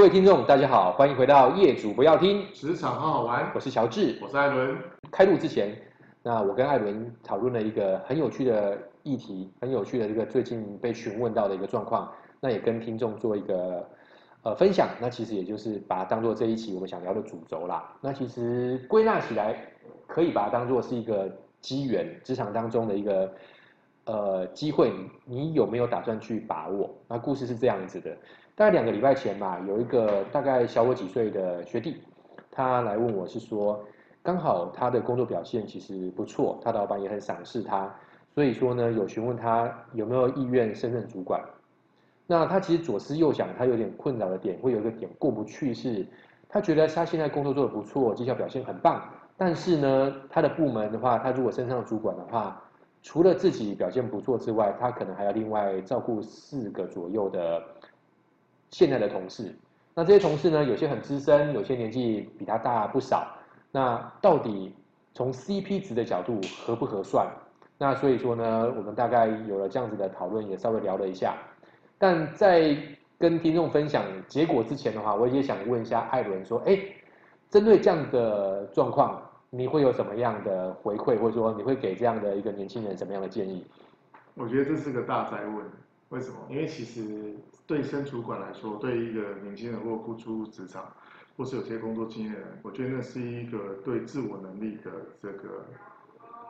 各位聽眾，大家好，歡迎回到《業主不要聽職場很好玩》，我是喬治，我是艾倫。開錄之前，那我跟艾倫討論了一個很有趣的議題，很有趣的這個最近被詢問到的一個狀況，那也跟聽眾做一個呃分享。那其實也就是把它當作這一期我們想聊的主軸啦。那其實歸納起來，可以把它當作是一個機緣，職場當中的一個呃機會，你有沒有打算去把握？那故事是這樣子的。大概兩個禮拜前吧，有一個大概小我幾歲的學弟，他來問我是說，剛好他的工作表現其實不錯，他老闆也很賞識他，所以說呢，有詢問他有沒有意願升任主管。那他其實左思右想，他有點困擾的點，會有一個點過不去是，他覺得他現在工作做得不錯，績效表現很棒，但是呢，他的部門的話，他如果升上主管的話，除了自己表現不錯之外，他可能還要另外照顧四個左右的。現在的同事，那這些同事呢，有些很資深，有些年紀比他大不少。那到底從 CP 值的角度合不合算？那所以說呢，我們大概有了這樣子的討論，也稍微聊了一下。但在跟聽眾分享結果之前的話，我也想問一下艾倫說：“哎，針對這樣的狀況，你會有什麼樣的回饋，或者說你會給這樣的一個年輕人什麼樣的建議？”我覺得這是個大哉問。為什麼？因為其實對升主管來說，對一個年輕人或初入職場，或是有些工作經驗的人，我覺得那是一個對自我能力的這個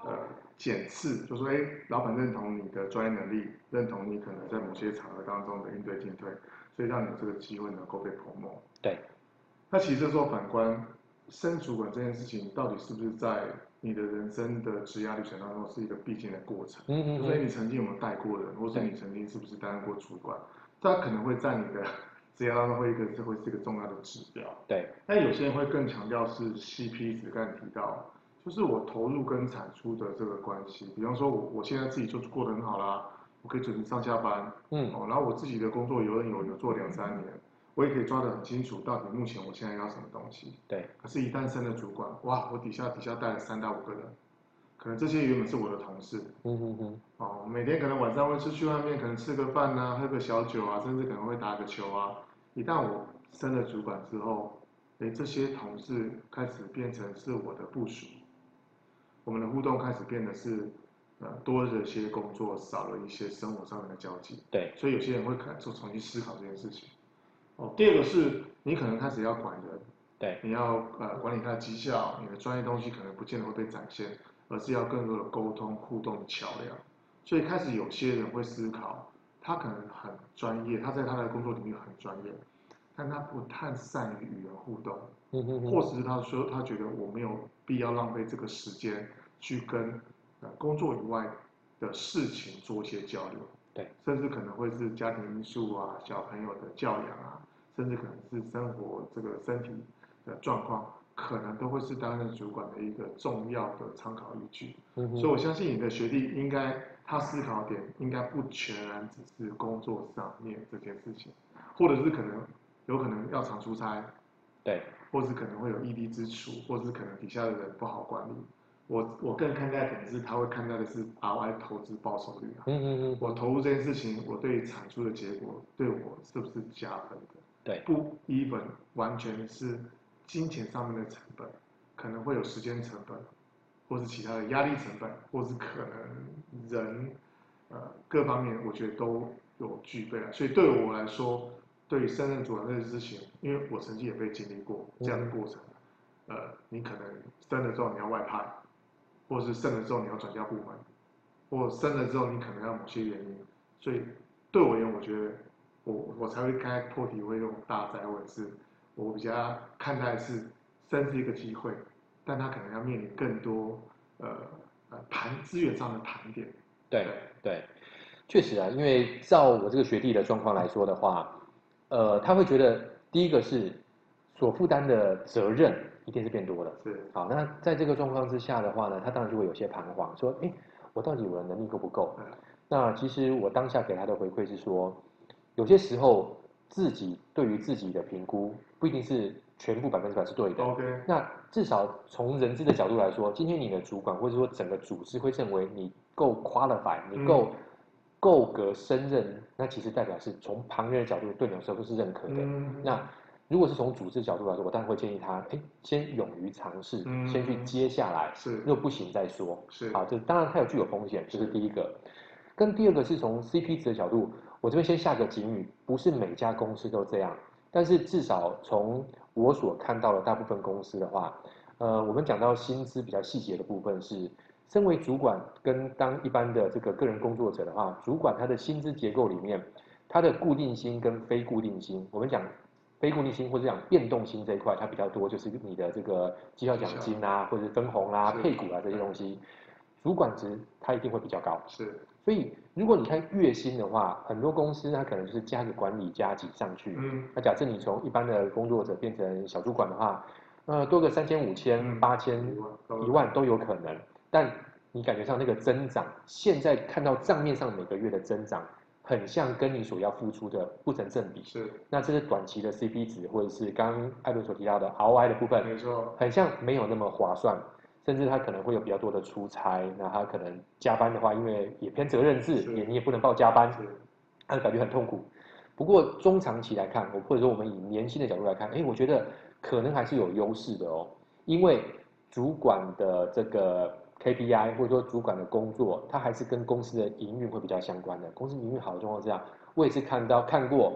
呃檢視，就說、是、哎，老闆認同你的專業能力，認同你可能在某些場合當中的應對進退，所以讓你有這個機會能夠被破磨。對，那其實這時候反觀，升主管這件事情到底是不是在你的人生的職業旅程當中是一個必經的過程？嗯嗯。所以你曾經有沒有帶過的人，對或是你曾經是不是擔任過主管？他可能會在你的職業當中會一個，這會是一個重要的指標。對。那有些人會更強調是 CP 值，只是剛才你提到，就是我投入跟產出的這個關係。比方說我，我我現在自己就過得很好啦，我可以準時上下班。嗯。哦，然後我自己的工作有有有做兩三年。我也可以抓得很清楚，到底目前我現在要什麼東西。對。可是，一旦升了主管，哇，我底下底下帶了三到五個人，可能這些原本是我的同事。嗯嗯嗯。哦、嗯，嗯、每天可能晚上會出去外面，可能吃個飯吶、啊，喝個小酒啊，甚至可能會打個球啊。一旦我升了主管之後，誒，這些同事開始變成是我的部屬，我們的互動開始變得是，呃，多了些工作，少了一些生活上面的交集。對。所以有些人會可能做重新思考這件事情。哦，第二個是你可能開始要管人，對，你要呃，管理他的績效，你的專業東西可能不見得會被展現，而是要更多的溝通互動的橋梁。所以開始有些人會思考，他可能很專業，他在他的工作領域很專業，但他不太善於與人互動，呵呵呵，或者是他說他覺得我沒有必要浪費這個時間去跟工作以外的事情做一些交流，對，甚至可能會是家庭因素啊，小朋友的教養啊。甚至可能是生活這個身體的狀況，可能都會是擔任主管的一個重要的參考依據。嗯、哼所以我相信你的學弟應該，他思考點應該不全然只是工作上面這件事情，或者是可能有可能要常出差，對，或是可能會有異地支出，或是可能底下的人不好管理。我我更看待點是，他會看待的是 ROI 投資報酬率、啊、嗯嗯嗯，我投入這件事情，我對產出的結果對我是不是加分的？不，even 完全是金錢上面的成本，可能會有時間成本，或是其他的壓力成本，或是可能人，呃，各方面我覺得都有具備了、啊。所以對我來說，對於升任主管這件事情，因為我曾經也被經歷過這樣的過程。呃，你可能升了之後你要外派，或是升了之後你要轉嫁部門，或升了之後你可能要某些原因，所以對我而言，我覺得。我我才會開破題，會用大災文是，我比較看待是，升職一個機會，但他可能要面臨更多呃盤資源上的盤點。對對，對，確實啊，因為照我這個學弟的狀況來說的話，呃，他會覺得第一個是所負擔的責任一定是變多了。是，好，那在這個狀況之下的話呢，他當然就會有些彷徨，說：哎，我到底我的能力夠不夠？對那其實我當下給他的回饋是說。有些時候，自己對於自己的評估不一定是全部百分之百是對的。Okay. 那至少從人資的角度來說，今天你的主管或者說整個組織會認為你夠 qualify，你夠夠、嗯、格勝任，那其實代表是從旁人的角度對你的時候都是認可的。嗯、那如果是從組織角度來說，我當然會建議他，欸、先勇於嘗試，先去接下來，如果，嗯、不行再說。是啊，這當然它有具有風險，這，就是第一個。是跟第二個是從 CP 值的角度。我這邊先下個警語，不是每家公司都這樣，但是至少從我所看到的大部分公司的話，呃，我們講到薪資比較細節的部分是，身為主管跟當一般的這個個人工作者的話，主管他的薪資結構裡面，他的固定薪跟非固定薪，我們講非固定薪或者講變動薪這一塊，它比較多，就是你的這個績效獎金啦、啊，或者是分紅啦、啊、是配股啊這些東西。嗯主管職它一定會比較高，是，所以如果你看月薪的話，很多公司它可能就是加一個管理加給上去，嗯，那假設你從一般的工作者變成小主管的話，呃，多個三千、五千、八千、一萬都有可能，但你感覺上那個增長，現在看到賬面上每個月的增長，很像跟你所要付出的不成正比，是，那這是短期的 CP 值，或者是剛剛艾倫所提到的 ROI 的部分，沒錯，很像沒有那麼划算。甚至他可能會有比較多的出差，那他可能加班的話，因為也偏責任制，是也你也不能報加班，他就感覺很痛苦。不過中長期來看，我或者說我們以年輕的角度來看，哎、欸，我覺得可能還是有優勢的哦、喔，因為主管的這個 KPI 或者說主管的工作，他還是跟公司的營運會比較相關的。公司營運好的狀況下，我也是看到看過，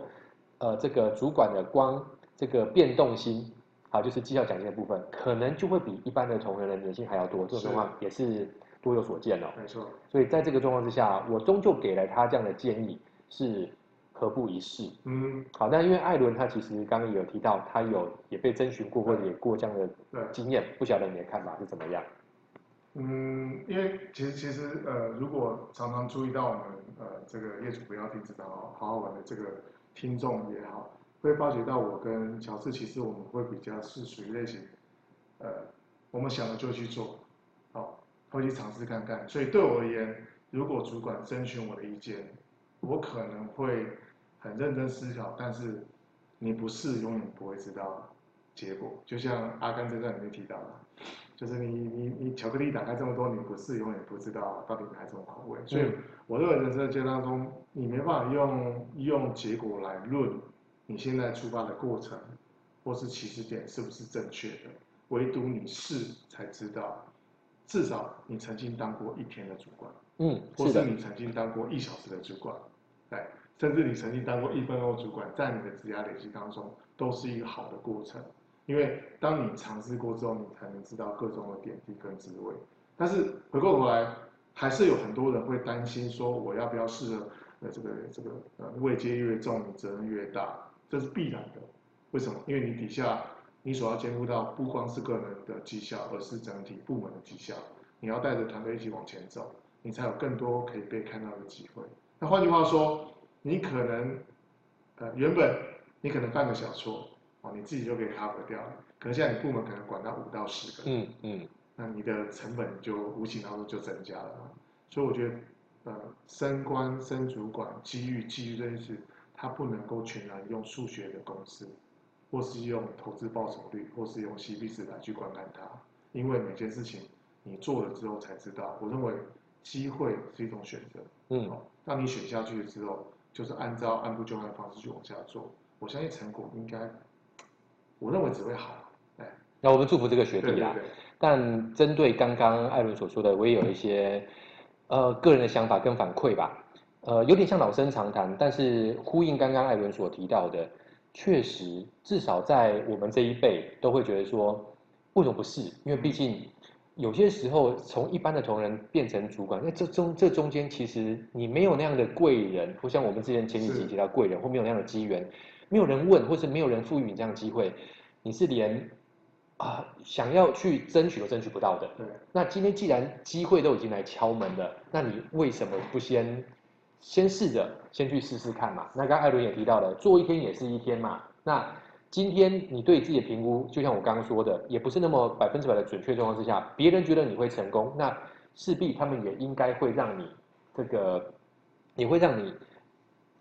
呃，這個主管的光這個變動性好，就是績效獎金的部分，可能就會比一般的同仁的年薪還要多。這種情況也是多有所見哦、喔。沒錯。所以在這個狀況之下，我終究給了他這樣的建議，是何不一試。嗯。好，那因為艾倫他其實剛剛有提到，他有也被徵詢過，對 或者也過這樣的經驗，對 不曉得你的看法是怎麼樣？嗯，因為其實其實呃，如果常常注意到我們呃這個業主不要聽止導好好玩的這個聽眾也好。會發覺到我跟喬治，其實我們會比較是屬於類型，呃，我們想了就去做，好，會去嘗試看看。所以對我而言，如果主管徵詢我的意見，我可能會很認真思考，但是你不試，永遠不會知道結果。就像《阿甘正傳》裡面提到的，就是你你你巧克力打開這麼多，你不試，永遠不知道到底哪一種口味。所以我認為人生的階段中，你沒辦法用用結果來論。你現在出發的過程，或是起始點是不是正確的？唯獨你試才知道，至少你曾經當過一天的主管，嗯，是或是你曾經當過一小時的主管，來、嗯，甚至你曾經當過一分鐘的主管，在你的職涯累積當中，都是一個好的過程。因為當你嘗試過之後，你才能知道各種的點滴跟滋味。但是回過頭來，還是有很多人會擔心說：我要不要試？呃，這個這個呃，位階越重，責任越大。這是必然的，為什麼？因為你底下你所要兼顧到不光是個人的績效，而是整體部門的績效。你要帶着團隊一起往前走，你才有更多可以被看到的機會。那換句話說，你可能呃原本你可能犯個小錯、哦，、你自己就可以 cover 掉了。可能現在你部門可能管到五到十個，嗯嗯，嗯那你的成本就無形當中就增加了。所以我覺得呃升官升主管，機遇機遇這件事。他不能夠全然用數學的公式，或是用投資報酬率，或是用 CB 值來去觀看它，因為每件事情你做了之後才知道。我認為機會是一種選擇，嗯，當、哦、你選下去了之後，就是按照按部就班的方式去往下做。我相信成果應該，我認為只會好。哎、欸，那我們祝福這個學弟啦。對對對，但針對剛剛艾倫所說的，我也有一些呃個人的想法跟反饋吧。呃，有點像老生常談，但是呼應剛剛艾倫所提到的，確實，至少在我們這一輩都會覺得說，為什麼不是？因為畢竟有些時候從一般的同仁變成主管，那這中這中間，其實你沒有那樣的貴人，不像我們之前前幾集提到貴人，是或沒有那樣的機緣，沒有人問，或是沒有人賦予你這樣的機會，你是連、呃、想要去爭取都爭取不到的。是那今天既然機會都已經來敲門了，那你為什麼不先？先試着先去試試看嘛。那剛艾倫也提到了，做一天也是一天嘛。那今天你對自己的評估，就像我剛剛說的，也不是那麼百分之百的準確的狀況之下，別人覺得你會成功，那勢必他們也應該會讓你這個，也會讓你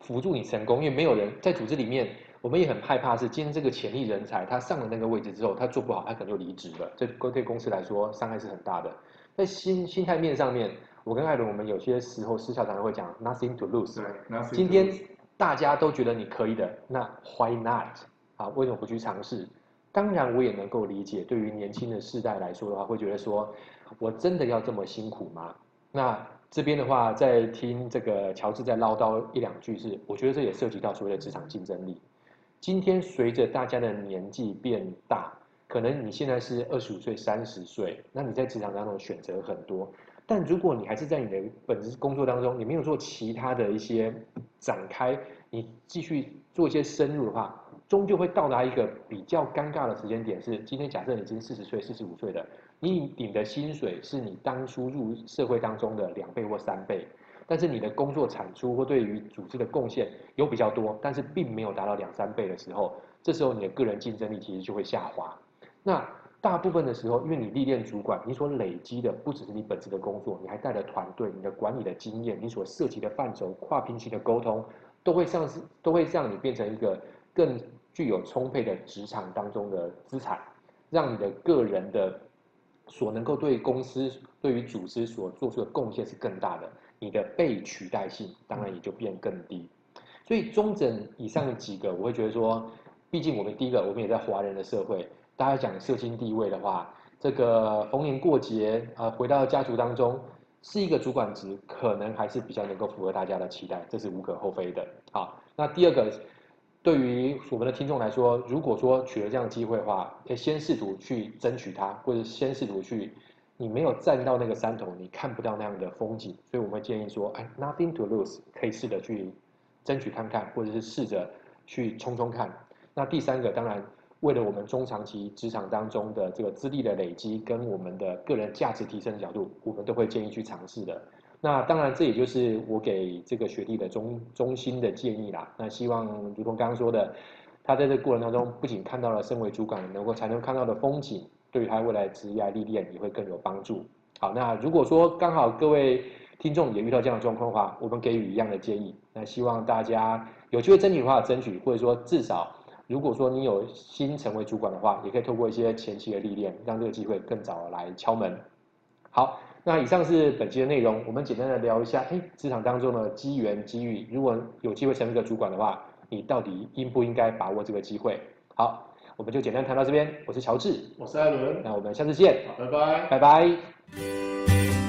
輔助你成功。因為沒有人在組織裡面，我們也很害怕是今天這個潛力人才他上了那個位置之後，他做不好，他可能就離職了，這對對公司來說傷害是很大的。在心心態面上面。我跟艾倫，我們有些時候私下常常會講 nothing to lose 對。今天大家都覺得你可以的，那 why not？啊，為什麼不去嘗試？當然，我也能夠理解，對於年輕的世代來說的話，會覺得說，我真的要這麼辛苦嗎？那這邊的話，在聽這個喬治在嘮叨一兩句是，我覺得這也涉及到所謂的職場競爭力。今天隨着大家的年紀變大，可能你現在是二十五歲、三十歲，那你在職場當中選擇很多。但如果你還是在你的本職工作當中，你沒有做其他的一些展開，你繼續做一些深入的話，終究會到達一個比較尷尬的時間點是。是今天假設你已經四十歲、四十五歲的，你領的薪水是你當初入社會當中的兩倍或三倍，但是你的工作產出或對於組織的貢獻有比較多，但是並沒有達到兩三倍的時候，這時候你的個人競爭力其實就會下滑。那大部分的時候，因為你歷練主管，你所累積的不只是你本職的工作，你還帶了團隊，你的管理的經驗，你所涉及的範疇，跨平行的溝通，都會像是都會讓你變成一個更具有充沛的職場當中的資產，讓你的個人的所能夠對公司對於組織所做出的貢獻是更大的，你的被取代性當然也就變更低。所以中等以上的幾個，我會覺得說，畢竟我們第一個，我們也在華人的社會。大家講社經地位的話，這個逢年過節，啊、呃，回到家族當中是一個主管職，可能還是比較能夠符合大家的期待，這是無可厚非的。好，那第二個，對於我們的聽眾來說，如果說取了這樣的機會的話，可以先試圖去爭取它，或者先試圖去，你沒有站到那個山頭，你看不到那樣的風景，所以我們會建議說，哎，nothing to lose，可以試着去爭取看看，或者是試着去衝衝看。那第三個，當然。為了我們中長期職場當中的這個資歷的累積跟我們的個人價值提升的角度，我們都會建議去嘗試的。那當然，這也就是我給這個學弟的衷、衷心的建議啦。那希望如同剛剛說的，他在這個過程當中不僅看到了身為主管能夠才能看到的風景，對於他未來職業生涯歷練也會更有幫助。好，那如果說剛好各位聽眾也遇到這樣的狀況的話，我們給予一樣的建議。那希望大家有機會爭取的話，爭取或者說至少如果說你有心成為主管的話，也可以透過一些前期的歷練，讓這個機會更早來敲門。好，那以上是本期的內容，我們簡單的聊一下，哎，職場當中的機緣機遇，如果有機會成為一個主管的話，你到底應不應該把握這個機會？好，我們就簡單談到這邊。我是喬治，我是艾倫，那我們下次見，拜拜，拜拜。